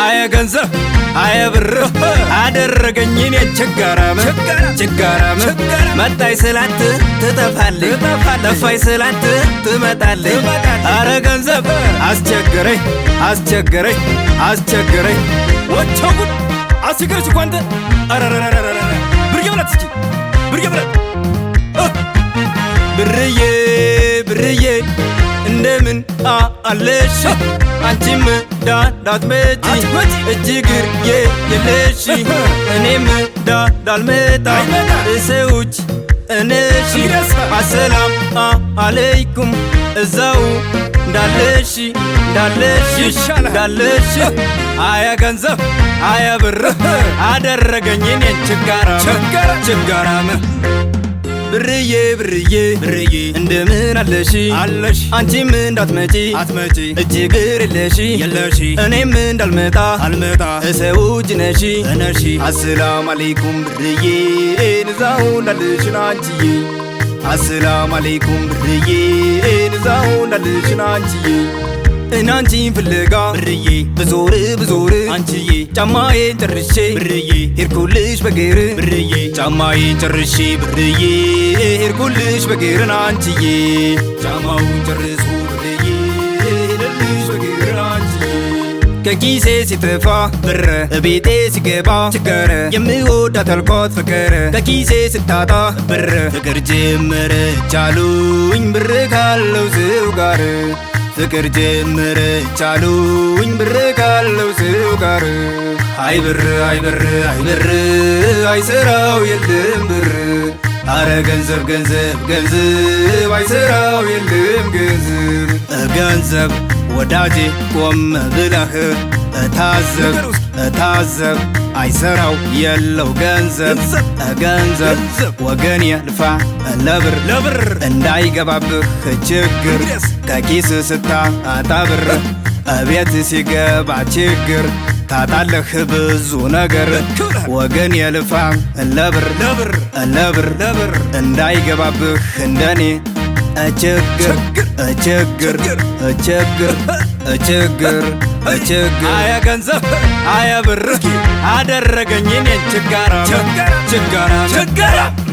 አየ ገንዘብ አየ ብር አደረገኝ እኔ ችጋራም ችጋራም መጣይ ስላት ትጠፋለኝ ጠፋይ ስላት ትመጣለኝ አረ ገንዘብ አስቸገረኝ አስቸገረኝ አስቸገረኝ ወቸጉድ አስቸገረች እኮ አንተ ብርጌ ብላት እስኪ ብርጌ ብላት ብርዬ ብርዬ ለምን አለሽ አንቺም ዳዳት መጪ እጅ እግር የለሽ እኔም ዳዳልመጣ እሰውች እነሺ አሰላም አለይኩም እዛው እንዳለሽ እንዳለሽ እንዳለሽ አያ ገንዘብ አያ ብር አደረገኝን ችጋራም ችጋራም ብርዬ ብርዬ ብርዬ እንደምን አለሽ አለሽ አንቺም እንዳትመጪ አትመጪ እጅግር የለሽ የለሽ እኔም እንዳልመጣ አልመጣ እሰው እጅ ነሽ እነሽ አሰላም አለይኩም ብርዬ እንዛው እንዳልሽን አንቺዬ አሰላም አለይኩም ብርዬ እንዛው እንዳልሽን አንቺዬ እናንቺን አንቺን ፍለጋ ብርዬ ብዞር ብዞር አንቺዬ ጫማዬን ጨርሼ ብርዬ ሄድኩልሽ በግር ብርዬ ጫማዬን ጨርሼ ብርዬ ሄድኩልሽ በግርን አንቺዬ ጫማውን ጨርሱ ብርዬ ሄድልሽ በግር አንቺዬ ከኪሴ ሲጠፋ ብር እቤቴ ሲገባ ችግር የምወዳት አልኳት ፍቅር ከኪሴ ስታጣ ብር ፍቅር ጀመረ ቻሉኝ ብር ካለው ሰው ጋር ፍቅር ጀምረች ቻሉኝ ብር ካለው ሰው ጋር አይ ብር አይ ብር አይ ብር አይሰራው የለም ብር አረ ገንዘብ ገንዘብ ገንዘብ አይሰራው የለም ገንዘብ ገንዘብ ወዳጄ ቆም ብላህ እታዘብ እታዘብ አይሰራው የለው ገንዘብ ገንዘብ ወገን የልፋ ለብር ለብር እንዳይገባብህ ችግር ከኪስ ስታጣ ብር እቤት ሲገባ ችግር ታጣለህ ብዙ ነገር ወገን የልፋ ለብር ለብር ለብር ለብር እንዳይገባብህ እንደኔ ችግር ችግር ችግር ችግር ችግር አየ ገንዘብ አየ ብር አደረገኝ እኔን ችጋራ ችጋራ ችጋራ